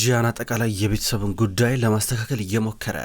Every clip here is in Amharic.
ጂያን አጠቃላይ የቤተሰቡን ጉዳይ ለማስተካከል እየሞከረ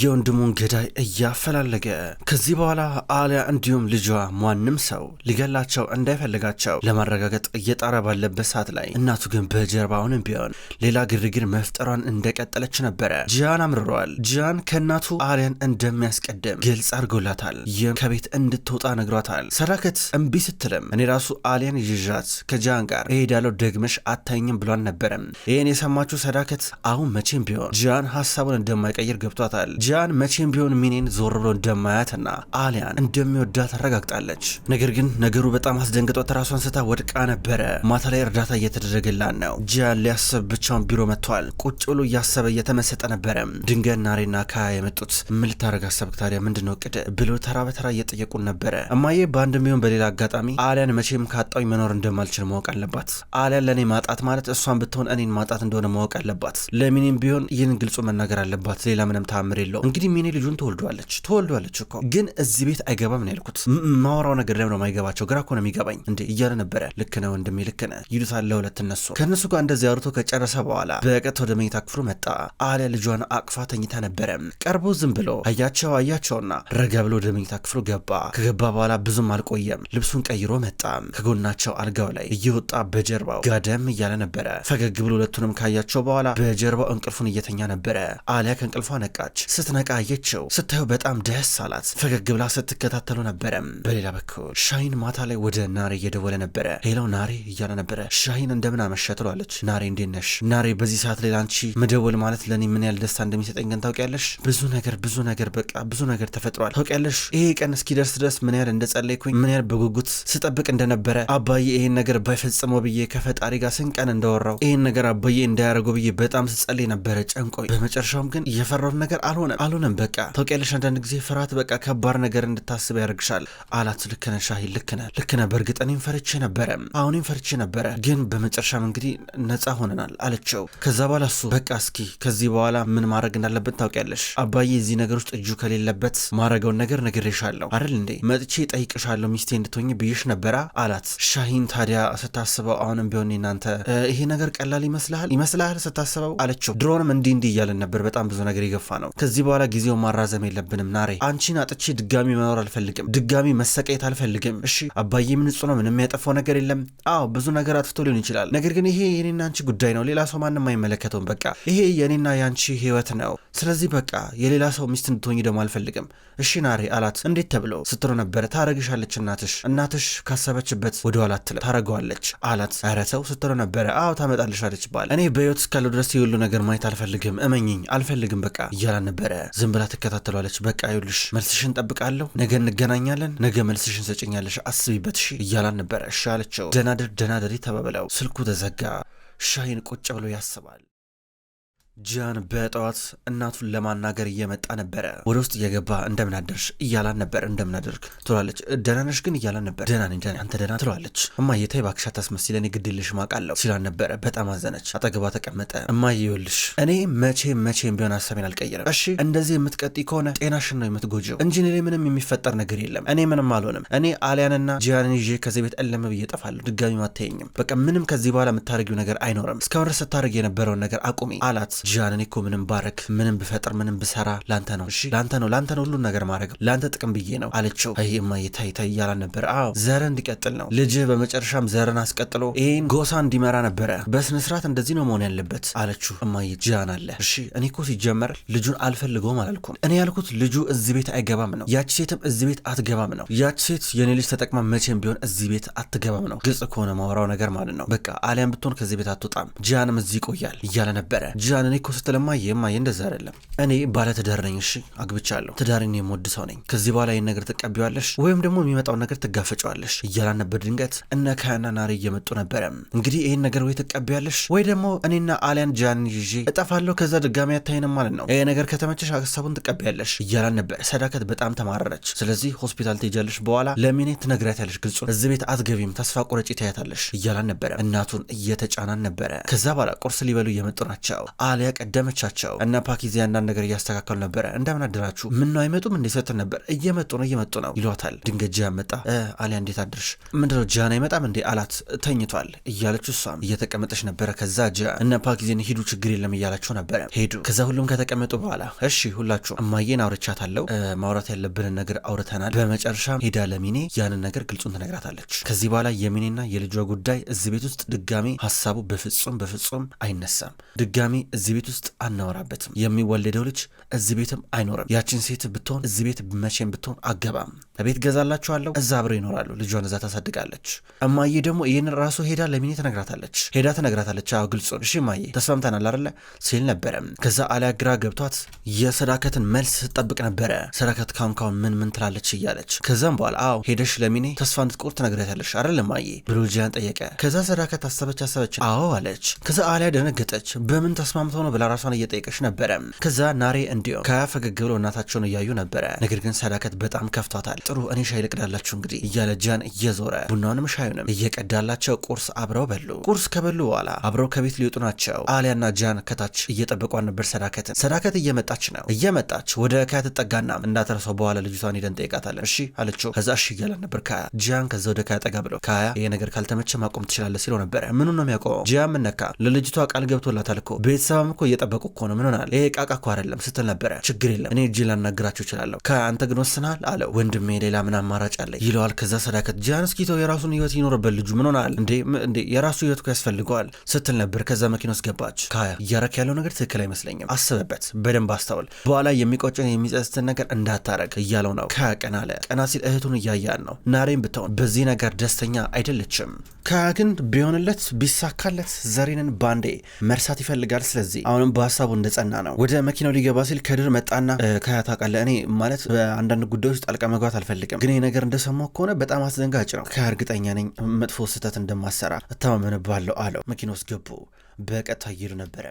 የወንድሙን ገዳይ እያፈላለገ ከዚህ በኋላ አሊያ እንዲሁም ልጇ ማንም ሰው ሊገላቸው እንዳይፈልጋቸው ለማረጋገጥ እየጣረ ባለበት ሰዓት ላይ እናቱ ግን በጀርባውንም ቢሆን ሌላ ግርግር መፍጠሯን እንደቀጠለች ነበረ። ጂያን አምርሯል። ጂያን ከእናቱ አሊያን እንደሚያስቀድም ግልጽ አድርጎላታል። ይህም ከቤት እንድትወጣ ነግሯታል። ሰዳከት እምቢ ስትልም እኔ ራሱ አሊያን ይዣት ከጂያን ጋር እሄዳለሁ ደግመሽ አታይኝም ብሏን ነበረም። ይህን የሰማችሁ መሰዳከት አሁን መቼም ቢሆን ጂያን ሀሳቡን እንደማይቀይር ገብቷታል። ጂያን መቼም ቢሆን ሚኔን ዞር ብሎ እንደማያትና አሊያን እንደሚወዳት አረጋግጣለች። ነገር ግን ነገሩ በጣም አስደንግጧት ራሷን ስታ ወድቃ ነበረ። ማታ ላይ እርዳታ እየተደረገላን ነው። ጂያን ሊያስብ ብቻውን ቢሮ መጥቷል። ቁጭ ብሎ እያሰበ እየተመሰጠ ነበረ። ድንገት ናሬና ካያ የመጡት ምን ልታደርግ አሰብክ ታዲያ ምንድን ነው ቅድ ብሎ ተራ በተራ እየጠየቁን ነበረ። እማዬ በአንድ ሚሆን በሌላ አጋጣሚ አሊያን መቼም ካጣኝ መኖር እንደማልችል ማወቅ አለባት። አሊያን ለእኔ ማጣት ማለት እሷን ብትሆን እኔን ማጣት እንደሆነ ማወቅ አለባት። ለሚኔም ቢሆን ይህን ግልጹ መናገር አለባት። ሌላ ምንም ተአምር የለው። እንግዲህ ሚኔ ልጁን ተወልዷለች ተወልዷለች እኮ ግን እዚህ ቤት አይገባም ነው ያልኩት። ማወራው ነገር ላይ ነው የማይገባቸው። ግራ እኮ ነው የሚገባኝ እንዴ እያለ ነበረ። ልክ ነህ ወንድሜ ልክ ነህ ይሉታል ለሁለት እነሱ። ከእነሱ ጋር እንደዚህ አውርቶ ከጨረሰ በኋላ በቀጥታ ወደ መኝታ ክፍሉ መጣ። አሊያ ልጇን አቅፋ ተኝታ ነበረ። ቀርቦ ዝም ብሎ አያቸው አያቸውና ረጋ ብሎ ወደ መኝታ ክፍሉ ገባ። ከገባ በኋላ ብዙም አልቆየም። ልብሱን ቀይሮ መጣ። ከጎናቸው አልጋው ላይ እየወጣ በጀርባው ጋደም እያለ ነበረ። ፈገግ ብሎ ሁለቱንም ካያቸው ካደረገው በኋላ በጀርባው እንቅልፉን እየተኛ ነበረ። አሊያ ከእንቅልፏ ነቃች። ስትነቃ አየችው። ስታየው በጣም ደስ አላት። ፈገግ ብላ ስትከታተሉ ነበረም። በሌላ በኩል ሻሂን ማታ ላይ ወደ ናሬ እየደወለ ነበረ። ሌላው ናሬ እያለ ነበረ። ሻሂን እንደምን አመሸ ትሏለች። ናሬ እንዴት ነሽ? ናሬ በዚህ ሰዓት ላይ ለአንቺ መደወል ማለት ለእኔ ምን ያህል ደስታ እንደሚሰጠኝ ግን ታውቂያለሽ። ብዙ ነገር ብዙ ነገር በቃ ብዙ ነገር ተፈጥሯል። ታውቂያለሽ ይሄ ቀን እስኪደርስ ድረስ ምን ያህል እንደጸለይኩኝ ምን ያህል በጉጉት ስጠብቅ እንደነበረ አባዬ ይሄን ነገር ባይፈጽመው ብዬ ከፈጣሪ ጋር ስንቀን እንደወራው እንዳወራው ይሄን ነገር አባዬ እንዳያደርገው አድርገው ብዬ በጣም ስጸልይ ነበረ ጨንቆኝ። በመጨረሻውም ግን እየፈራሁት ነገር አልሆነም አልሆነም። በቃ ታውቂያለሽ፣ አንዳንድ ጊዜ ፍርሃት በቃ ከባድ ነገር እንድታስብ ያደርግሻል አላት። ልክነ ሻሂ ልክነ ልክነ። በእርግጥ እኔም ፈርቼ ነበረ፣ አሁንም ፈርቼ ነበረ፣ ግን በመጨረሻም እንግዲህ ነጻ ሆነናል አለችው። ከዛ በኋላ እሱ በቃ እስኪ ከዚህ በኋላ ምን ማድረግ እንዳለበት ታውቂያለሽ፣ አባዬ እዚህ ነገር ውስጥ እጁ ከሌለበት ማድረገውን ነገር ነግሬሻለሁ አይደል እንዴ? መጥቼ ጠይቅሻለሁ ሚስቴ እንድትሆኝ ብዬሽ ነበራ አላት። ሻሂን ታዲያ ስታስበው አሁንም ቢሆን እናንተ ይሄ ነገር ቀላል ይመስልሃል ይመስልሃል ስታስበው አለችው። ድሮንም እንዲህ እንዲህ እያለን ነበር፣ በጣም ብዙ ነገር የገፋ ነው። ከዚህ በኋላ ጊዜው ማራዘም የለብንም ናሬ። አንቺን አጥቼ ድጋሚ መኖር አልፈልግም፣ ድጋሚ መሰቃየት አልፈልግም። እሺ አባዬ ምንጹ ነው፣ ምንም ያጠፋው ነገር የለም። አዎ ብዙ ነገር አጥፍቶ ሊሆን ይችላል፣ ነገር ግን ይሄ የኔና አንቺ ጉዳይ ነው። ሌላ ሰው ማንም አይመለከተውም። በቃ ይሄ የኔና የአንቺ ህይወት ነው። ስለዚህ በቃ የሌላ ሰው ሚስት እንድትሆኝ ደግሞ አልፈልግም። እሺ ናሬ አላት። እንዴት ተብሎ ስትሮ ነበረ። ታረግሻለች እናትሽ። እናትሽ ካሰበችበት ወደኋላ አትልም፣ ታረገዋለች አላት። ኧረ ተው ስትሮ ነበረ። አዎ ታመጣልሻለች ባል እኔ በህይወት እስካለው ድረስ የሁሉ ነገር ማየት አልፈልግም፣ እመኝኝ አልፈልግም በቃ እያላን ነበረ። ዝም ብላ ትከታተሏለች። በቃ ይሉሽ መልስሽን ጠብቃለሁ፣ ነገ እንገናኛለን፣ ነገ መልስሽን ሰጭኛለሽ፣ አስቢበት እሺ እያላን ነበረ። እሺ አለችው። ደናደር ደናደሪ ተባብለው ስልኩ ተዘጋ። ሻይን ቁጭ ብሎ ያስባል። ጂያን በጠዋት እናቱን ለማናገር እየመጣ ነበረ። ወደ ውስጥ እየገባ እንደምናደርሽ እያላን ነበር። እንደምናደርግ ትላለች። ደህና ነሽ ግን እያላን ነበር። ደህና ነኝ ደህና አንተ ደህና ትለዋለች። እማዬ ተይ እባክሽ አታስመስይ፣ እኔ ግድልሽ ማቃለሁ ሲላን ነበረ። በጣም አዘነች። አጠገቧ ተቀመጠ። እማዬ ይኸውልሽ እኔ መቼም መቼም ቢሆን ሀሳቤን አልቀይርም። እሺ እንደዚህ የምትቀጥይ ከሆነ ጤናሽን ነው የምትጎጂው እንጂ እኔ ምንም የሚፈጠር ነገር የለም። እኔ ምንም አልሆንም። እኔ አሊያንና ጂያንን ይዤ ከዚህ ቤት እልም ብዬ እጠፋለሁ። ድጋሚ አታየኝም። በቃ ምንም ከዚህ በኋላ የምታደርጊው ነገር አይኖርም። እስካሁን ድረስ ስታደርጊ የነበረውን ነገር አቁሚ አላት። እኔ እኮ ምንም ባረክ ምንም ብፈጥር፣ ምንም ብሰራ ላንተ ነው፣ እሺ ላንተ ነው፣ ላንተ ነው ሁሉን ነገር ማድረግ ላንተ ጥቅም ብዬ ነው አለችው። አይ እማዬ ታይ ታይ እያላን ነበር። አዎ ዘረ እንዲቀጥል ነው ልጅህ በመጨረሻም ዘረን አስቀጥሎ ይህን ጎሳ እንዲመራ ነበረ። በስነስርዓት እንደዚህ ነው መሆን ያለበት አለችው። እማዬ ጂያን አለ እሺ እኔ እኮ ሲጀመር ልጁን አልፈልገውም አላልኩም። እኔ ያልኩት ልጁ እዚህ ቤት አይገባም ነው። ያቺ ሴትም እዚህ ቤት አትገባም ነው። ያቺ ሴት የኔ ልጅ ተጠቅማ መቼም ቢሆን እዚህ ቤት አትገባም ነው። ግልጽ ከሆነ ማውራው ነገር ማለት ነው። በቃ አሊያም ብትሆን ከዚህ ቤት አትወጣም፣ ጂያንም እዚህ ይቆያል እያለ ነበረ። ጂያን እኔ እኮ ስትለማየ እማዬ እንደዛ አይደለም። እኔ ባለ ትዳር ነኝ። እሺ አግብቻለሁ። ትዳርን የምወድ ሰው ነኝ። ከዚህ በኋላ ይህን ነገር ትቀቢዋለሽ ወይም ደግሞ የሚመጣውን ነገር ትጋፈጫዋለሽ እያላን ነበር። ድንገት እነ ካህና ናሬ እየመጡ ነበረ። እንግዲህ ይህን ነገር ወይ ትቀቢያለሽ ወይ ደግሞ እኔና አሊያን ጃን ይዤ እጠፋለሁ። ከዛ ድጋሚ አታይንም ማለት ነው። ይህ ነገር ከተመቸሽ ሀሳቡን ትቀቢያለሽ እያላን ነበር። ሰዳከት በጣም ተማረረች። ስለዚህ ሆስፒታል ትሄጃለሽ፣ በኋላ ለሚኔ ትነግሪያታለሽ። ግልጹ እዚህ ቤት አትገቢም፣ ተስፋ ቁረጭ ታያታለሽ እያላን ነበረ። እናቱን እየተጫናን ነበረ። ከዛ በኋላ ቁርስ ሊበሉ እየመጡ ናቸው። ማሊያ ቀደመቻቸው። እና ፓኪዝ ያንዳንድ ነገር እያስተካከሉ ነበረ። እንደምን አደራችሁ? ነው አይመጡም? እንዴ ስትል ነበር። እየመጡ ነው እየመጡ ነው ይሏታል። ድንገት ጂያን መጣ። አሊያ እንዴት አድርሽ? ምንድነው ጂያን አይመጣም እንዴ አላት። ተኝቷል እያለች እሷም እየተቀመጠች ነበረ። ከዛ ጂያን እነ ፓኪዝን ሂዱ ችግር የለም እያላቸው ነበረ። ሄዱ። ከዛ ሁሉም ከተቀመጡ በኋላ እሺ ሁላችሁ እማዬን አውርቻታለሁ፣ ማውራት ያለብንን ነገር አውርተናል። በመጨረሻ ሄዳ ለሚኔ ያንን ነገር ግልጹን ትነግራታለች። ከዚህ በኋላ የሚኔና የልጇ ጉዳይ እዚህ ቤት ውስጥ ድጋሚ ሀሳቡ በፍጹም በፍጹም አይነሳም። ድጋሚ እዚህ እዚህ ቤት ውስጥ አናወራበትም። የሚወለደው ልጅ እዚህ ቤትም አይኖርም። ያችን ሴት ብትሆን እዚህ ቤት መቼም ብትሆን አገባም። ቤት ገዛላችኋለሁ፣ እዛ አብረው ይኖራሉ። ልጇን እዛ ታሳድጋለች። እማዬ ደግሞ ይህን ራሱ ሄዳ ለሚኔ ትነግራታለች። ሄዳ ትነግራታለች። አዎ ግልጹን፣ እሺ እማዬ ተስማምተናል አይደለ ሲል ነበረ። ከዛ አሊያ ግራ ገብቷት የሰዳከትን መልስ ስጠብቅ ነበረ። ሰዳከት ካሁን ካሁን ምን ምን ትላለች እያለች ከዛም በኋላ አዎ ሄደሽ ለሚኔ ተስፋ እንድትቆርጥ ትነግረታለሽ አይደል እማዬ ብሎ ልጅያን ጠየቀ። ከዛ ሰዳከት አሰበች አሰበች፣ አዎ አለች። ከዛ አሊያ ደነገጠች። በምን ተስማምተው ሆኖ ብላ ራሷን እየጠየቀች ነበረ። ከዛ ናሬ እንዲሁም ፈገግ ብሎ እናታቸውን እያዩ ነበረ። ነገር ግን ሰዳከት በጣም ከፍቷታል። ጥሩ እኔ ሻይ ልቅዳላችሁ እንግዲህ እያለ ጃን እየዞረ ቡናውንም ሻዩንም እየቀዳላቸው ቁርስ አብረው በሉ። ቁርስ ከበሉ በኋላ አብረው ከቤት ሊወጡ ናቸው። አሊያና ጃን ከታች እየጠበቋን ነበር ሰዳከትን። ሰዳከት እየመጣች ነው። እየመጣች ወደ ከያ ትጠጋና እንዳትረሳው በኋላ ልጅቷን ሄደን ጠይቃታለን እሺ አለችው። ከዛ እሺ እያለ ነበር ከያ ጃን። ከዛ ወደ ከያ ጠጋ ብለው ከያ ይሄ ነገር ካልተመቸ ማቆም ትችላለ ሲለው ነበረ። ምኑ ነው የሚያቆመው? ጃ ምነካ? ለልጅቷ ቃል ገብቶላታል እኮ ቤተሰብ እኮ እየጠበቁ እኮ ነው። ምን ሆናል? ይሄ ቃቃ እኮ አይደለም ስትል ነበረ። ችግር የለም እኔ እጅ ላናግራችሁ እችላለሁ። ከአንተ ግን ወስናል አለው። ወንድሜ ሌላ ምን አማራጭ አለ ይለዋል። ከዛ ሰዳከት ጃን እስኪተው የራሱን ህይወት ይኖርበት ልጁ ምን ሆናል እንዴ የራሱ ህይወት እኮ ያስፈልገዋል ስትል ነበር። ከዛ መኪና ውስጥ ገባች። ከያ እያረክ ያለው ነገር ትክክል አይመስለኝም። አስበበት፣ በደንብ አስታውል። በኋላ የሚቆጭን የሚጸጽትን ነገር እንዳታረግ እያለው ነው። ከያ ቀና አለ። ቀና ሲል እህቱን እያያን ነው። ናሬም ብትሆን በዚህ ነገር ደስተኛ አይደለችም። ከያ ግን ቢሆንለት ቢሳካለት ዘሬንን ባንዴ መርሳት ይፈልጋል። ስለዚህ አሁንም በሀሳቡ እንደጸና ነው። ወደ መኪናው ሊገባ ሲል ከድር መጣና ከያ ታውቃለህ፣ እኔ ማለት በአንዳንድ ጉዳዮች ጣልቃ መግባት አልፈልግም፣ ግን ይህ ነገር እንደሰማሁ ከሆነ በጣም አስደንጋጭ ነው። ከያ እርግጠኛ ነኝ መጥፎ ስህተት እንደማሰራ እታማመንባለሁ አለው። መኪና ውስጥ ገቡ። በቀጥታ እየሄዱ ነበረ።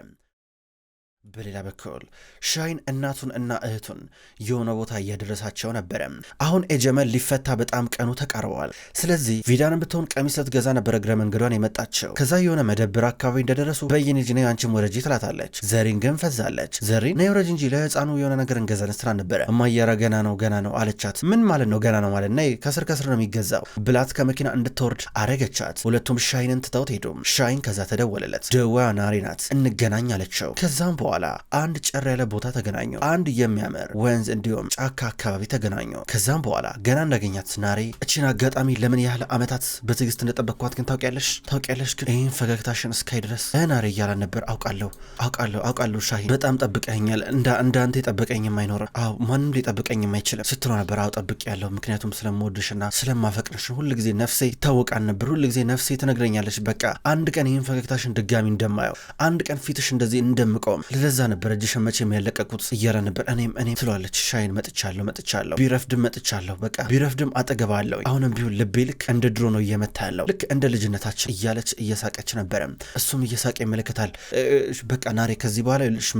በሌላ በኩል ሻይን እናቱን እና እህቱን የሆነ ቦታ እያደረሳቸው ነበረ። አሁን ኤጀመል ሊፈታ በጣም ቀኑ ተቃርበዋል። ስለዚህ ቪዳን ብትሆን ቀሚስ ልትገዛ ነበር እግረ መንገዷን የመጣቸው። ከዛ የሆነ መደብር አካባቢ እንደደረሱ በይን ነው አንቺም ወረጂ ትላታለች። ዘሪን ግን ፈዛለች። ዘሪን ነይ ወረጅ እንጂ ለህፃኑ የሆነ ነገር እንገዛን ስትላ ነበረ። እማያራ ገና ነው ገና ነው አለቻት። ምን ማለት ነው ገና ነው ማለት ነይ ከስር ከስር ነው የሚገዛው ብላት ከመኪና እንድትወርድ አረገቻት። ሁለቱም ሻይንን ትተውት ሄዱም። ሻይን ከዛ ተደወለለት። ደዋ ናሪ ናት እንገናኝ አለቸው። ከዛም በኋላ በኋላ አንድ ጨር ያለ ቦታ ተገናኙ። አንድ የሚያምር ወንዝ እንዲሁም ጫካ አካባቢ ተገናኙ። ከዛም በኋላ ገና እንዳገኛት ናሬ እችን አጋጣሚ ለምን ያህል ዓመታት በትዕግስት እንደጠበቅኳት ግን ታውቂያለሽ ታውቂያለሽ ግን ይህን ፈገግታሽን እስካይ ድረስ ናሬ እያላ ነበር። አውቃለሁ አውቃለሁ አውቃለሁ ሻሂ በጣም ጠብቀኛል። እንዳንተ የጠበቀኝም አይኖርም። አዎ ማንም ሊጠብቀኝም አይችልም ስትሎ ነበር። አዎ ጠብቅ ያለው ምክንያቱም ስለምወድሽና ስለማፈቅርሽ ጊዜ ነፍሴ ይታወቃል ነበር። ጊዜ ነፍሴ ትነግረኛለች በቃ አንድ ቀን ይህን ፈገግታሽን ድጋሚ እንደማየው አንድ ቀን ፊትሽ እንደዚህ እንደምቆም ለዛ ነበር እጅሽን መቼም ያለቀቁት እያለ ነበር። እኔም እኔም ትሏለች ሻይን መጥቻለሁ መጥቻለሁ ቢረፍድም መጥቻለሁ በቃ ቢረፍድም አጠገባለሁ አሁንም ቢሆን ልቤ ልክ እንደ ድሮ ነው እየመታ ያለው ልክ እንደ ልጅነታችን እያለች እየሳቀች ነበረ። እሱም እየሳቀ ይመለከታል። በቃ ናሬ ከዚህ በኋላ ይኸውልሽ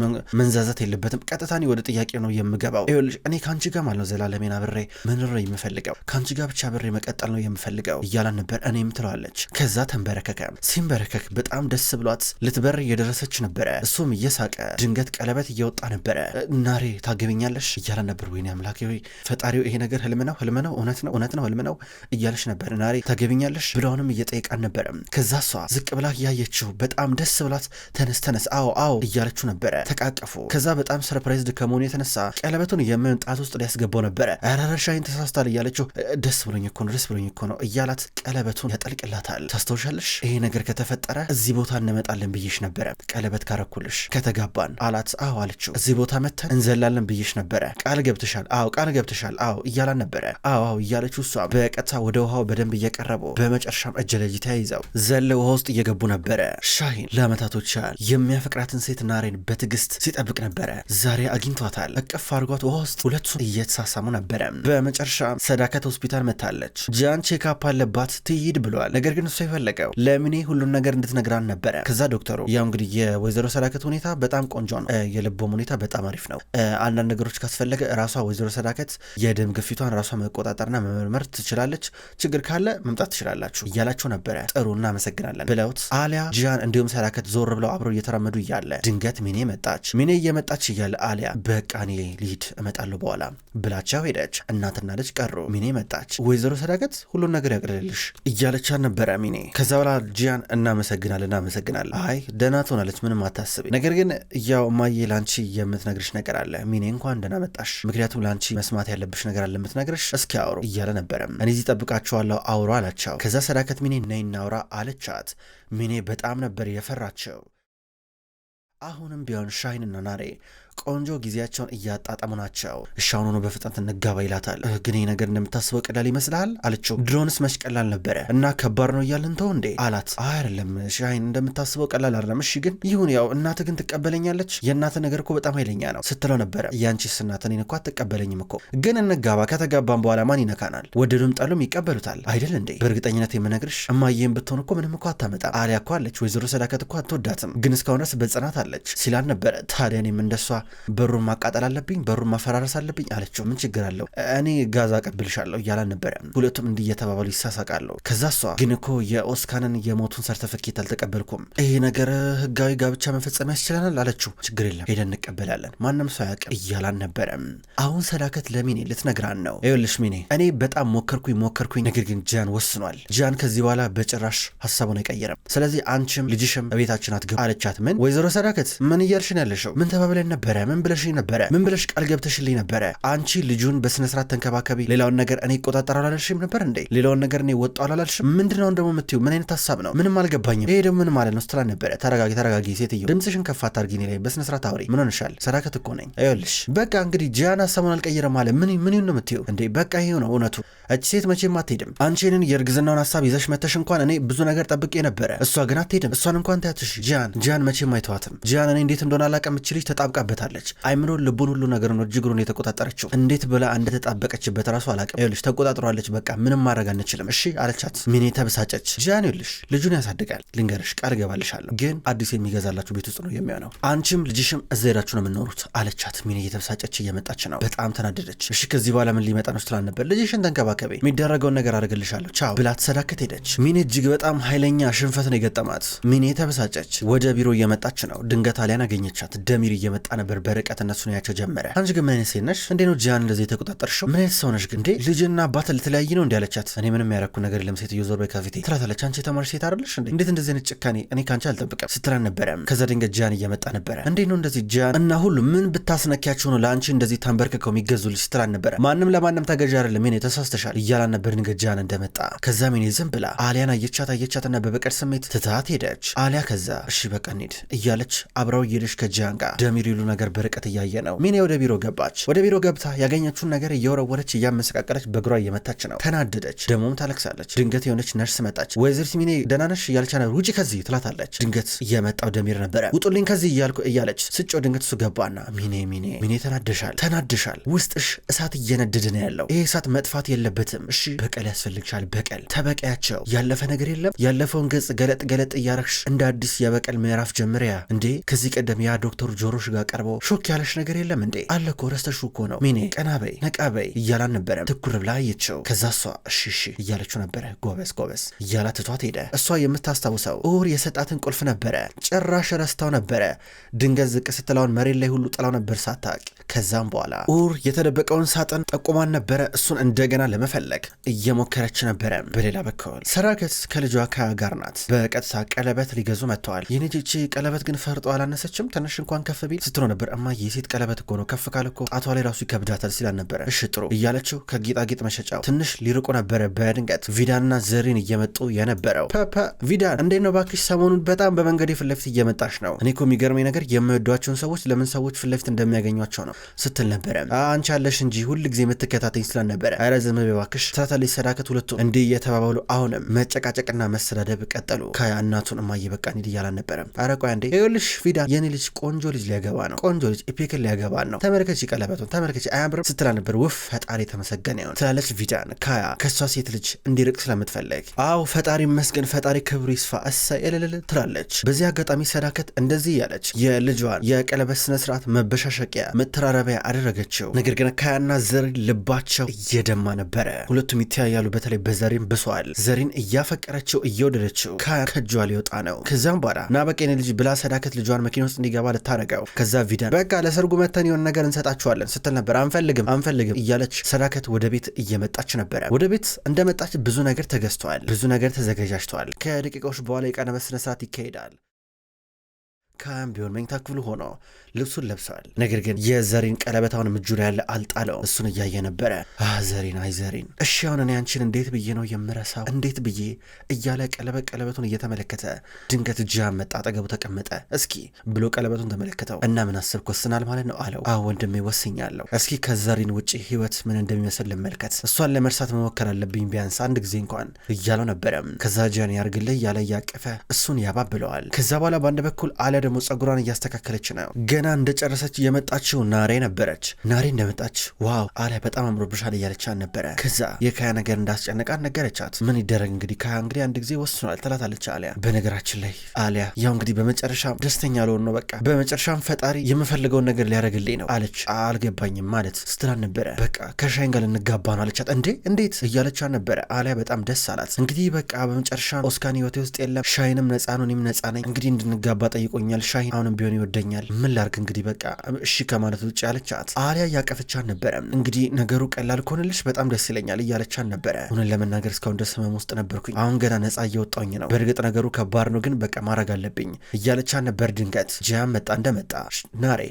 መንዛዛት የለበትም ቀጥታኔ ወደ ጥያቄ ነው የምገባው። ይኸውልሽ እኔ ከአንቺ ጋር ማለት ነው ዘላለሜን አብሬ መኖር የምፈልገው ከአንቺ ጋር ብቻ ብሬ መቀጠል ነው የምፈልገው እያላን ነበር። እኔም ትለዋለች። ከዛ ተንበረከከ። ሲንበረከክ በጣም ደስ ብሏት ልትበር እየደረሰች ነበረ። እሱም እየሳቀ ድንገት ቀለበት እየወጣ ነበረ። ናሬ ታገቢኛለሽ እያለ ነበር። ወይኔ አምላኬ ወይ ፈጣሪው፣ ይሄ ነገር ህልም ነው ህልም ነው እውነት ነው እውነት ነው ህልም ነው እያለሽ ነበር። ናሬ ታገቢኛለሽ ብለውንም እየጠየቃን ነበረ። ከዛ እሷ ዝቅ ብላ ያየችው በጣም ደስ ብላት ተነስ ተነስ፣ አዎ አዎ እያለችው ነበረ። ተቃቀፉ። ከዛ በጣም ሰርፕራይዝድ ከመሆኑ የተነሳ ቀለበቱን የመምጣት ውስጥ ሊያስገባው ነበረ። ረረሻይን ተሳስታል እያለችው ደስ ብሎኝ እኮ ነው ደስ ብሎኝ እኮ ነው እያላት ቀለበቱን ያጠልቅላታል። ታስታውሻለሽ ይሄ ነገር ከተፈጠረ እዚህ ቦታ እንመጣለን ብዬሽ ነበረ ቀለበት ካረኩልሽ ከተጋባ ገባን አላት። አዎ አለችው። እዚህ ቦታ መተን እንዘላለን ብዬሽ ነበረ። ቃል ገብተሻል? አዎ ቃል ገብተሻል? አዎ እያላን ነበረ። አዎ አዎ እያለችው እሷም በቀጥታ ወደ ውሃው በደንብ እየቀረቡ በመጨረሻም እጅ ለእጅ ተያይዘው ዘለ ውሃ ውስጥ እየገቡ ነበረ። ሻሂን ለአመታቶች ያህል የሚያፈቅራትን ሴት ናሬን በትዕግስት ሲጠብቅ ነበረ። ዛሬ አግኝቷታል። እቅፍ አድርጓት ውሃ ውስጥ ሁለቱ እየተሳሳሙ ነበረ። በመጨረሻም ሰዳከት ሆስፒታል መታለች። ጃን ቼካፕ አለባት ትሂድ ብለዋል። ነገር ግን እሷ የፈለገው ለሚኔ ሁሉን ነገር እንድትነግራን ነበረ። ከዛ ዶክተሩ ያው እንግዲህ የወይዘሮ ሰዳከት ሁኔታ በጣም ቆንጆ ነው። የልቧም ሁኔታ በጣም አሪፍ ነው። አንዳንድ ነገሮች ካስፈለገ ራሷ ወይዘሮ ሰዳከት የደም ግፊቷን ራሷ መቆጣጠርና መመርመር ትችላለች። ችግር ካለ መምጣት ትችላላችሁ እያላቸው ነበረ። ጥሩ እናመሰግናለን ብለውት አሊያ ጂያን፣ እንዲሁም ሰዳከት ዞር ብለው አብረው እየተራመዱ እያለ ድንገት ሚኔ መጣች። ሚኔ እየመጣች እያለ አሊያ በቃ እኔ ልሂድ እመጣለሁ በኋላ ብላቸው ሄደች። እናትና ልጅ ቀሩ። ሚኔ መጣች። ወይዘሮ ሰዳከት ሁሉን ነገር ያቅልልሽ እያለቻ ነበረ ሚኔ። ከዛ በኋላ ጂያን እናመሰግናል እናመሰግናል አይ ደህና ትሆናለች ምንም አታስብ። ነገር ግን ያው እማዬ ላንቺ የምትነግርሽ ነገር አለ። ሚኔ እንኳን ደህና መጣሽ፣ ምክንያቱም ላንቺ መስማት ያለብሽ ነገር አለ የምትነግርሽ። እስኪ አውሩ እያለ ነበረም። እኔ እዚህ ጠብቃችኋለሁ፣ አውሩ አላቸው። ከዛ ሰዳከት ሚኔ ነይ እናውራ አለቻት። ሚኔ በጣም ነበር የፈራቸው። አሁንም ቢሆን ሻይንና ናሬ ቆንጆ ጊዜያቸውን እያጣጠሙ ናቸው። እሻውን ሆኖ በፍጥነት እንጋባ ይላታል። ግን ይህ ነገር እንደምታስበው ቀላል ይመስልሃል አለችው። ድሮንስ መሽቀላል ነበረ እና ከባድ ነው እያልን ተው እንዴ አላት። አይደለም ሻይን እንደምታስበው ቀላል አይደለም። እሺ ግን ይሁን ያው እናት ግን ትቀበለኛለች። የእናት ነገር እኮ በጣም ኃይለኛ ነው ስትለው ነበረ። ያንቺስ እናት እኔን እኮ አትቀበለኝም እኮ ግን እንጋባ። ከተጋባም በኋላ ማን ይነካናል? ወደዱም ጠሉም ይቀበሉታል አይደል እንዴ? በእርግጠኝነት የምነግርሽ እማዬም ብትሆን እኮ ምንም እኮ አታመጣም። አሊያ እኮ አለች ወይዘሮ ሰዳከት እኮ አትወዳትም፣ ግን እስካሁን ድረስ በጽናት አለች ሲላል ነበረ። ታዲያ እኔም እንደሷ በሩን ማቃጠል አለብኝ፣ በሩን ማፈራረስ አለብኝ አለችው። ምን ችግር አለው እኔ ጋዛ ቀብልሻለሁ እያላ ነበረ። ሁለቱም እንዲህ እየተባባሉ ይሳሳቃሉ። ከዛ እሷ ግን እኮ የኦስካንን የሞቱን ሰርተፍኬት አልተቀበልኩም፣ ይሄ ነገር ህጋዊ ጋብቻ መፈጸም ያስችለናል አለችው። ችግር የለም ሄደን እንቀበላለን፣ ማንም ሰው አያውቅም እያላን ነበረ። አሁን ሰዳከት ለሚኔ ልትነግራን ነው። ይኸውልሽ ሚኔ እኔ በጣም ሞከርኩኝ ሞከርኩኝ፣ ነገር ግን ጂያን ወስኗል። ጂያን ከዚህ በኋላ በጭራሽ ሀሳቡን አይቀይርም። ስለዚህ አንቺም ልጅሽም ቤታችን አትገቡ አለቻት። ምን ወይዘሮ ሰዳከት ምን እያልሽን ያለሽው? ምን ተባብለን ነበር ነበረ? ምን ብለሽኝ ነበረ? ምን ብለሽ ቃል ገብተሽልኝ ነበረ? አንቺ ልጁን በስነስርዓት ተንከባከቢ፣ ሌላውን ነገር እኔ ይቆጣጠር አላልሽም ነበር እንዴ? ሌላውን ነገር እኔ ወጣው አላልሽም? ምንድነው ደግሞ የምትይው? ምን አይነት ሀሳብ ነው? ምንም አልገባኝም። ይሄ ደግሞ ምን ማለት ነው ስትላን ነበረ። ተረጋጊ፣ ተረጋጊ ሴትዮ፣ ድምፅሽን ከፍ አታርጊ፣ እኔ ላይ ስርዓት አውሪ። ምን ሆነሻል? ሰዳከት እኮ ነኝ። ይኸውልሽ በቃ እንግዲህ ጂያን ሀሳቡን አልቀየረም አለ። ምን ምን ነው የምትይው እንዴ? በቃ ይሄው ነው እውነቱ። እች ሴት መቼም አትሄድም። አንቺ እኔን የእርግዝናውን ሀሳብ ይዘሽ መተሽ እንኳን እኔ ብዙ ነገር ጠብቄ ነበረ። እሷ ግን አትሄድም። እሷን እንኳን ታያትሽ። ጃን ጃን መቼም አይተዋትም። ጃን እኔ እንዴት እንደሆነ አላቀምችልሽ ተጣብቃበታል ተቆጣጥራታለች። አይምሮ ልቡን፣ ሁሉ ነገር ነው እጅግሩን የተቆጣጠረችው። እንዴት ብላ እንደተጣበቀችበት ራሱ አላውቅም። ይኸውልሽ ተቆጣጥሯለች፣ በቃ ምንም ማድረግ አንችልም፣ እሺ አለቻት። ሚኔ ተበሳጨች። ጃን ይኸውልሽ ልጁን ያሳድጋል፣ ልንገርሽ፣ ቃል እገባልሻለሁ፣ ግን አዲስ የሚገዛላችሁ ቤት ውስጥ ነው የሚሆነው። አንቺም ልጅሽም እዛ ሄዳችሁ ነው የምንኖሩት አለቻት። ሚኔ እየተበሳጨች እየመጣች ነው። በጣም ተናደደች። እሺ ከዚህ በኋላ ምን ሊመጣ ነው ስላል ነበር ልጅሽን ተንከባከቤ የሚደረገውን ነገር አድርግልሻለሁ ቻው ብላ ተሰዳከት ሄደች። ሚኔ እጅግ በጣም ኃይለኛ ሽንፈት ነው የገጠማት። ሚኔ ተበሳጨች። ወደ ቢሮ እየመጣች ነው። ድንገት አሊያን አገኘቻት። ደሚር እየመጣ ነበር ነበር በርቀት እነሱን ያቸው ጀመረ። አንቺ ግን ምን አይነት ሴት ነሽ? እንዴ ነው ጂያን እንደዚህ የተቆጣጠርሽው? ምን አይነት ሰው ነሽ ግን? እንዴ ልጅና አባት ልትለያይ ነው እንዲ ያለቻት። እኔ ምንም ያረኩ ነገር የለም ሴትዮ ዞር በይ ከፊቴ ትላታለች። አንቺ የተማርሽ ሴት አይደለሽ እንዴ? እንዴት እንደዚህ አይነት ጭካኔ እኔ ከአንቺ አልጠብቅም ስትላን ነበረ። ከዛ ድንገት ጂያን እየመጣ ነበረ። እንዴ ነው እንደዚህ ጂያን እና ሁሉ ምን ብታስነኪያችሁ ነው ለአንቺ እንደዚህ ታንበርክከው የሚገዙልሽ? ስትላን ነበረ። ማንም ለማንም ተገዥ አይደለም ኔ ተሳስተሻል እያላን ነበር። ድንገት ጂያን እንደመጣ ከዛ ሜኔ ዝም ብላ አሊያን አየቻት። አየቻትና በበቀል ስሜት ትታት ሄደች። አሊያ ከዛ እሺ በቃ እንሂድ እያለች አብራው እየሄደች ከጂያን ጋር ደሚር ይሉ ነገር ነገር በርቀት እያየ ነው። ሚኔ ወደ ቢሮ ገባች። ወደ ቢሮ ገብታ ያገኘችውን ነገር እየወረወረች እያመሰቃቀለች በእግሯ እየመታች ነው። ተናደደች፣ ደሞም ታለቅሳለች። ድንገት የሆነች ነርስ መጣች። ወይዘሪት ሚኔ ደህና ነሽ እያለች ነበር። ውጪ ከዚህ ትላታለች። ድንገት እየመጣው ደሚር ነበረ። ውጡልኝ ከዚህ እያልኩ እያለች ስጮ ድንገት እሱ ገባና ሚኔ ሚኔ ሚኔ ተናደሻል፣ ተናደሻል። ውስጥሽ እሳት እየነደደ ነው ያለው። ይሄ እሳት መጥፋት የለበትም። እሺ በቀል ያስፈልግሻል። በቀል ተበቀያቸው። ያለፈ ነገር የለም። ያለፈውን ገጽ ገለጥ ገለጥ እያረግሽ እንደ አዲስ የበቀል ምዕራፍ ጀምሪያ። እንዴ ከዚህ ቀደም ያ ዶክተር ጆሮሽ ጋር ቀርበው ሾክ ያለሽ ነገር የለም እንዴ አለ እኮ ረስተሹ እኮ ነው ሚኔ ቀና በይ ነቃ በይ እያላ ነበረም ትኩር ብላ አየችው። ከዛ እሷ እሺ እሺ እያለችው ነበረ ጎበዝ ጎበዝ እያላ ትቷት ሄደ። እሷ የምታስታውሰው እውር የሰጣትን ቁልፍ ነበረ። ጭራሽ ረስታው ነበረ። ድንገት ዝቅ ስትላውን መሬት ላይ ሁሉ ጥላው ነበር ሳታቅ። ከዛም በኋላ እውር የተደበቀውን ሳጥን ጠቁማን ነበረ። እሱን እንደገና ለመፈለግ እየሞከረች ነበረ። በሌላ በኩል ሰራከት ከልጇ ከያ ጋር ናት። በቀጥታ ቀለበት ሊገዙ መጥተዋል። ይህን ጅቺ ቀለበት ግን ፈርጦ አላነሰችም። ትንሽ እንኳን ከፍ ቢል ስትኖ ነበር ነበር። እማዬ የሴት ቀለበት እኮ ነው ከፍ ካለ እኮ ጣቷ ላይ ራሱ ይከብዳታል ሲል አልነበረ? እሺ ጥሩ እያለችው ከጌጣጌጥ መሸጫው ትንሽ ሊርቁ ነበረ። በድንገት ቪዳንና ዘሪን እየመጡ የነበረው ፐፐ ቪዳን፣ እንዴት ነው ባክሽ? ሰሞኑን በጣም በመንገዴ ፊት ለፊት እየመጣሽ ነው። እኔ እኮ የሚገርመኝ ነገር የምወዷቸውን ሰዎች ለምን ሰዎች ፊት ለፊት እንደሚያገኟቸው ነው ስትል ነበረ። አንቺ አለሽ እንጂ ሁል ጊዜ የምትከታተኝ ስላልነበረ ኧረ ዝም በይ እባክሽ። ተታታሊ ሰዳከት ሁለቱ እንዲህ እየተባባሉ አሁንም መጨቃጨቅና መሰዳደብ ቀጠሉ። ከእናቱን እማዬ በቃ እንሂድ እያላን ነበረ። ኧረ ቆይ አንዴ ይኸውልሽ ቪዳን፣ የኔ ልጅ ቆንጆ ልጅ ሊያገባ ነው ቆንጆ ልጅ ኢፔክን ሊያገባን ነው ተመልከች፣ ቀለበቱን ተመልከች አያምርም ስትላ ነበር። ውፍ ፈጣሪ የተመሰገነ ይሁን ትላለች ቪዳን ካያ ከእሷ ሴት ልጅ እንዲርቅ ስለምትፈልግ። አዎ ፈጣሪ መስገን ፈጣሪ ክብሩ ይስፋ እሳ የለለለ ትላለች። በዚህ አጋጣሚ ሰዳከት እንደዚህ እያለች የልጇን የቀለበት ስነስርዓት መበሻሸቂያ መተራረቢያ አደረገችው። ነገር ግን ካያና ዘሪን ልባቸው እየደማ ነበረ። ሁለቱም ይተያያሉ። በተለይ በዘሪን ብሷል። ዘሪን እያፈቀረችው እየወደደችው ካያ ከእጇ ሊወጣ ነው። ከዚያም በኋላ ና በቃ የኔ ልጅ ብላ ሰዳከት ልጇን መኪና ውስጥ እንዲገባ ልታረገው ከዛ ቪዳ ሂደን በቃ ለሰርጉ መተን የሆነ ነገር እንሰጣችኋለን ስትል ነበር። አንፈልግም አንፈልግም እያለች ሰዳከት ወደ ቤት እየመጣች ነበረ። ወደ ቤት እንደመጣች ብዙ ነገር ተገዝተዋል፣ ብዙ ነገር ተዘገጃጅተዋል። ከደቂቃዎች በኋላ የቀለበት ስነስርዓት ይካሄዳል። አካባቢም ቢሆን መኝታ ክፍሉ ሆኖ ልብሱን ለብሷል። ነገር ግን የዘሪን ቀለበት አሁንም እጁ ላይ ያለ አልጣለው። እሱን እያየ ነበረ። ዘሪን፣ አይ ዘሪን፣ እሺ አሁን እኔ አንቺን እንዴት ብዬ ነው የምረሳው? እንዴት ብዬ እያለ ቀለበት ቀለበቱን እየተመለከተ ድንገት እጅ መጣ፣ አጠገቡ ተቀመጠ። እስኪ ብሎ ቀለበቱን ተመለከተው እና ምን አስብክ ወስናል ማለት ነው አለው። አዎ ወንድሜ ወስኛለሁ። እስኪ ከዘሪን ውጭ ህይወት ምን እንደሚመስል ልመልከት። እሷን ለመርሳት መሞከር አለብኝ ቢያንስ አንድ ጊዜ እንኳን እያለው ነበረም። ከዛ ጃን ያርግልህ እያለ እያቀፈ እሱን ያባብለዋል። ከዛ በኋላ በአንድ በኩል አለ ደግሞ ጸጉሯን እያስተካከለች ነው። ገና እንደጨረሰች የመጣችው ናሬ ነበረች። ናሬ እንደመጣች ዋው አሊያ በጣም አምሮብሻል እያለቻት ነበረ። ከዛ የካያ ነገር እንዳስጨነቃት ነገረቻት። ምን ይደረግ እንግዲህ ካያ እንግዲህ አንድ ጊዜ ወስኗል ትላታለች አሊያ። በነገራችን ላይ አሊያ ያው እንግዲህ በመጨረሻም ደስተኛ ለሆን ነው በቃ በመጨረሻም ፈጣሪ የምፈልገውን ነገር ሊያደርግልኝ ነው አለች። አልገባኝም ማለት ስትላን ነበረ። በቃ ከሻይን ጋር ልንጋባ ነው አለቻት። እንዴ እንዴት እያለቻ ነበረ። አሊያ በጣም ደስ አላት። እንግዲህ በቃ በመጨረሻ ኦስካን ህይወቴ ውስጥ የለም ሻይንም ነፃ ነው እኔም ነፃ ነኝ እንግዲህ እንድንጋባ ጠይቆኛል ይወደኛል፣ ሻሂን አሁንም ቢሆን ይወደኛል። ምን ላርግ እንግዲህ በቃ እሺ ከማለት ውጭ ያለቻት አሊያ እያቀፈቻን ነበረ። እንግዲህ ነገሩ ቀላል ከሆንልሽ በጣም ደስ ይለኛል እያለቻን ነበረ። እውነት ለመናገር እስካሁን ደስ ህመም ውስጥ ነበርኩኝ። አሁን ገና ነጻ እየወጣሁኝ ነው። በእርግጥ ነገሩ ከባድ ነው፣ ግን በቃ ማድረግ አለብኝ እያለቻን ነበር። ድንገት ጂያን መጣ። እንደመጣ ናሬ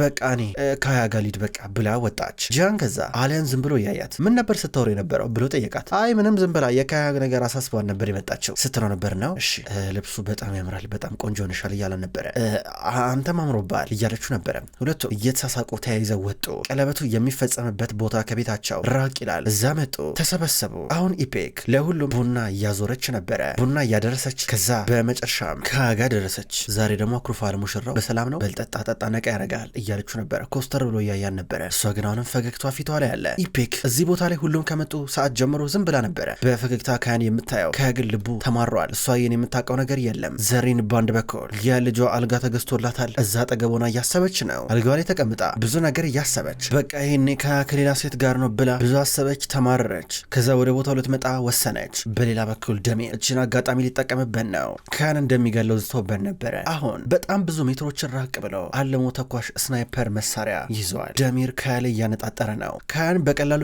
በቃ እኔ ከሀያ ጋር ልሂድ በቃ ብላ ወጣች። ጂያን ከዛ አሊያን ዝም ብሎ እያያት ምን ነበር ስታወሩ የነበረው ብሎ ጠየቃት። አይ ምንም ዝም ብላ የከሀያ ነገር አሳስበዋል ነበር የመጣቸው ስትለው ነበር ነው። እሺ ልብሱ በጣም ያምራል፣ በጣም ቆንጆ ነሻል እያለ ነበር ነበረ። አንተም አምሮብሃል እያለች ነበረ። ሁለቱ እየተሳሳቁ ተያይዘው ወጡ። ቀለበቱ የሚፈጸምበት ቦታ ከቤታቸው ራቅ ይላል። እዛ መጡ፣ ተሰበሰቡ። አሁን ኢፔክ ለሁሉም ቡና እያዞረች ነበረ፣ ቡና እያደረሰች። ከዛ በመጨረሻም ከጋ ደረሰች። ዛሬ ደግሞ አኩርፏል ሙሽራው። በሰላም ነው በልጠጣ ጠጣ ነቃ ያደርጋል እያለች ነበረ። ኮስተር ብሎ እያያን ነበረ። እሷ ግን አሁንም ፈገግቷ ፊቷ ላይ ያለ። ኢፔክ እዚህ ቦታ ላይ ሁሉም ከመጡ ሰዓት ጀምሮ ዝም ብላ ነበረ በፈገግታ ካያን የምታየው። ከግል ልቡ ተማሯል። እሷ የን የምታውቀው ነገር የለም። ዘሪን ባንድ በኩል የልጇ አልጋ ተገዝቶላታል። እዛ አጠገቧን እያሰበች ነው። አልጋ ላይ ተቀምጣ ብዙ ነገር እያሰበች በቃ ይሄኔ ከሌላ ሴት ጋር ነው ብላ ብዙ አሰበች፣ ተማረረች። ከዛ ወደ ቦታው ልትመጣ ወሰነች። በሌላ በኩል ደሜ እችን አጋጣሚ ሊጠቀምበት ነው። ካን እንደሚገለው ዝቶበት ነበረ። አሁን በጣም ብዙ ሜትሮችን ራቅ ብሎ አለሞ ተኳሽ ስናይፐር መሳሪያ ይዟል። ደሚር ካያ ላይ እያነጣጠረ ነው። ካያን በቀላሉ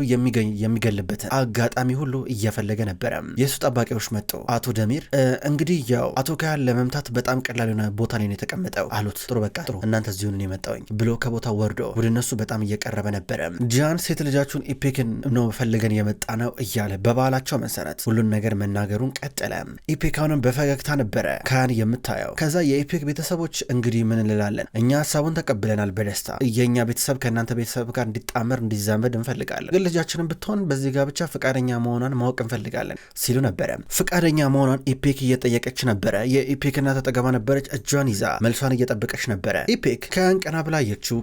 የሚገልበትን አጋጣሚ ሁሉ እየፈለገ ነበረ። የእሱ ጠባቂዎች መጡ። አቶ ደሚር እንግዲህ ያው አቶ ካያን ለመምታት በጣም ቀላል የሆነ ቦታ ላይ የተቀመጠው አሉት። ጥሩ በቃ ጥሩ እናንተ እዚሁን መጣውኝ ብሎ ከቦታ ወርዶ ወደ እነሱ በጣም እየቀረበ ነበረ። ጃን ሴት ልጃችሁን ኢፔክን ነው ፈልገን የመጣ ነው እያለ በባህላቸው መሰረት ሁሉን ነገር መናገሩን ቀጠለ። ኢፔካውንም በፈገግታ ነበረ ካን የምታየው። ከዛ የኢፔክ ቤተሰቦች እንግዲህ ምን እንላለን እኛ ሀሳቡን ተቀብለናል በደስታ የእኛ ቤተሰብ ከእናንተ ቤተሰብ ጋር እንዲጣመር እንዲዛመድ እንፈልጋለን፣ ግን ልጃችንን ብትሆን በዚህ ጋብቻ ፈቃደኛ መሆኗን ማወቅ እንፈልጋለን ሲሉ ነበረ። ፈቃደኛ መሆኗን ኢፔክ እየጠየቀች ነበረ። የኢፔክ እናት አጠገቧ ነበረች። እጇን ይዛ መልሷን እየጠበቀች ነበረ። ኢፔክ ከያን ቀና ብላ አየችው።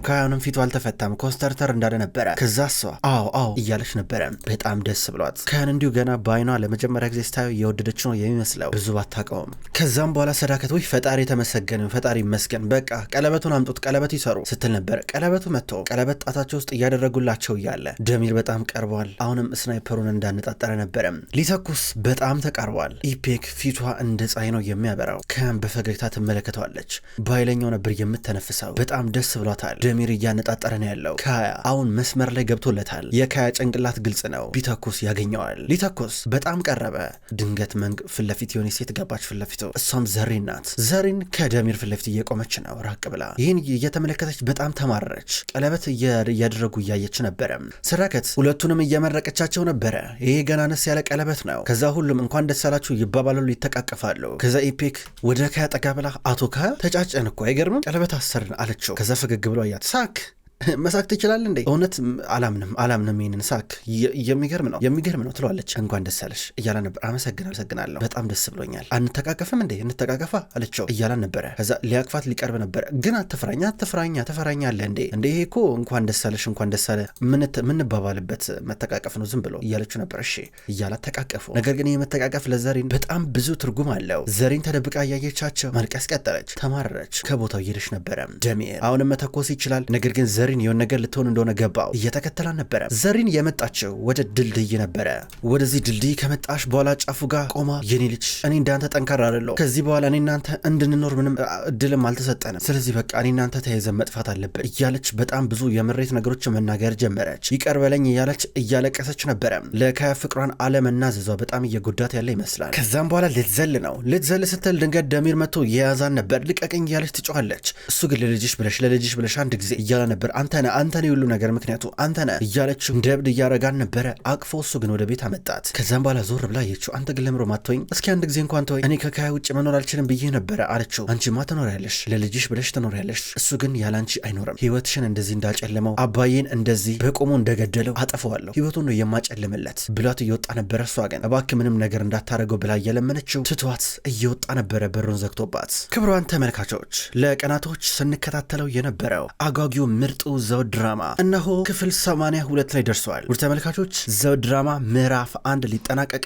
ፊቱ አልተፈታም ኮስተርተር እንዳለ ነበረ። ከዛ እሷ አዎ አዎ እያለች ነበረ። በጣም ደስ ብሏት ከያን እንዲሁ ገና በአይኗ ለመጀመሪያ ጊዜ ስታየው የወደደች ነው የሚመስለው ብዙ ባታውቀውም። ከዛም በኋላ ሰዳከት ወይ ፈጣሪ የተመሰገን ፈጣሪ ይመስገን፣ በቃ ቀለበቱን አምጡት ቀለበት ይሰሩ ስትል ነበረ። ቀለበቱ መጥቶ ቀለበት ጣታቸው ውስጥ እያደረጉላቸው እያለ ደሚር በጣም ቀርቧል። አሁንም ስናይፐሩን እንዳነጣጠረ ነበረ። ሊተኩስ በጣም ተቃርቧል። ኢፔክ ፊቷ እንደ ፀሐይ ነው የሚያበራው። ከያን በፈገግታ ትመለከተዋለች። በኃይለኛው ነበር የምተነፍሰው። በጣም ደስ ብሏታል። ደሚር እያነጣጠረ ነው ያለው። ካያ አሁን መስመር ላይ ገብቶለታል። የካያ ጭንቅላት ግልጽ ነው። ቢተኩስ ያገኘዋል። ሊተኩስ በጣም ቀረበ። ድንገት መንግ ፊትለፊት የሆነ ሴት ገባች ፊትለፊቱ። እሷም ዘሪን ናት። ዘሪን ከደሚር ፊትለፊት እየቆመች ነው ራቅ ብላ። ይህን እየተመለከተች በጣም ተማረች። ቀለበት እያደረጉ እያየች ነበረ። ስራከት ሁለቱንም እየመረቀቻቸው ነበረ። ይሄ ገና ነስ ያለ ቀለበት ነው። ከዛ ሁሉም እንኳን ደስ ይባባላሉ፣ ይተቃቀፋሉ። ከዛ ኢፔክ ወደ ካያ ጠጋ ብላ አቶ ካያ ተጫጨን እኮ አይገርምም? ቀለበት አሰርን አለችው። ከዛ ፈገግ ብሎ አያት ሳክ መሳቅ ትችላለህ እንዴ? እውነት አላምንም አላምንም። ይህንን ሳክ የሚገርም ነው የሚገርም ነው ትለዋለች። እንኳን ደስ አለሽ እያላ ነበር። አመሰግን አመሰግናለሁ፣ በጣም ደስ ብሎኛል። አንተቃቀፍም እንዴ? እንተቃቀፋ አለችው እያላ ነበረ። ከዛ ሊያቅፋት ሊቀርብ ነበረ። ግን አትፍራኛ አትፍራኛ ትፈራኛ አለ እንዴ? እንዴ ይሄ እኮ እንኳን ደስ አለሽ እንኳን ደስ አለ ምንባባልበት መተቃቀፍ ነው ዝም ብሎ እያለችው ነበር። እሺ እያላ ተቃቀፉ። ነገር ግን ይህ መተቃቀፍ ለዘሪን በጣም ብዙ ትርጉም አለው። ዘሪን ተደብቃ እያየቻቸው መልቀስ ቀጠለች። ተማረረች። ከቦታው እየሄደች ነበረ። ደሜር አሁንም መተኮስ ይችላል፣ ነገር ግን ዘሪን ዘሪን የሆነ ነገር ልትሆን እንደሆነ ገባው። እየተከተላን ነበረ። ዘሪን የመጣችው ወደ ድልድይ ነበረ። ወደዚህ ድልድይ ከመጣሽ በኋላ ጫፉ ጋር ቆማ የኔ ልጅ እኔ እንዳንተ ጠንካራ አይደለሁ። ከዚህ በኋላ እኔ እናንተ እንድንኖር ምንም እድልም አልተሰጠንም። ስለዚህ በቃ እኔ እናንተ ተያይዘን መጥፋት አለብን እያለች በጣም ብዙ የምሬት ነገሮች መናገር ጀመረች። ይቀር በለኝ እያለች እያለቀሰች ነበረ። ለካያ ፍቅሯን አለመናዘዟ በጣም እየጎዳት ያለ ይመስላል። ከዛም በኋላ ልትዘል ነው። ልትዘል ስትል ድንገት ደሚር መጥቶ የያዛን ነበር። ልቀቀኝ እያለች ትጮኋለች። እሱ ግን ለልጅሽ ብለሽ ለልጅሽ ብለሽ አንድ ጊዜ እያለ ነበር አንተነ አንተነ የሁሉ ነገር ምክንያቱ አንተነ እያለችው እንደብድ እያረጋን ነበረ። አቅፎ እሱ ግን ወደ ቤት አመጣት። ከዛም በኋላ ዞር ብላ አየችው። አንተ ግን ለምሮ ማትወኝ እስኪ አንድ ጊዜ እንኳን ተወኝ፣ እኔ ከካያ ውጭ መኖር አልችልም ብዬ ነበረ አለችው። አንቺማ ትኖሪያለሽ፣ ለልጅሽ ብለሽ ትኖሪያለሽ። እሱ ግን ያላንቺ አይኖርም። ህይወትሽን እንደዚህ እንዳጨለመው አባዬን እንደዚህ በቆሙ እንደገደለው አጠፈዋለሁ፣ ህይወቱን ነው የማጨልምለት ብሏት እየወጣ ነበረ። እሷ ግን እባክህ ምንም ነገር እንዳታደርገው ብላ እየለመነችው ትቷት እየወጣ ነበረ፣ በሩን ዘግቶባት። ክብሯን ተመልካቾች ለቀናቶች ስንከታተለው የነበረው አጓጊው ምርጡ ዘውድ ድራማ እነሆ ክፍል 82 ላይ ደርሰዋል። ውድ ተመልካቾች ዘውድ ድራማ ምዕራፍ አንድ ሊጠናቀቅ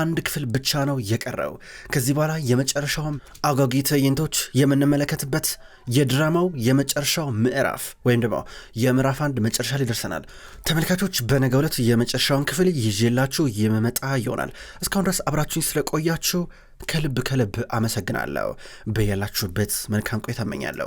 አንድ ክፍል ብቻ ነው የቀረው። ከዚህ በኋላ የመጨረሻውም አጓጊ ትዕይንቶች የምንመለከትበት የድራማው የመጨረሻው ምዕራፍ ወይም ደግሞ የምዕራፍ አንድ መጨረሻ ላይ ደርሰናል። ተመልካቾች በነገ ዕለት የመጨረሻውን ክፍል ይዤላችሁ የመመጣ ይሆናል። እስካሁን ድረስ አብራችሁኝ ስለቆያችሁ ከልብ ከልብ አመሰግናለሁ። በያላችሁበት መልካም ቆይታ እመኛለሁ።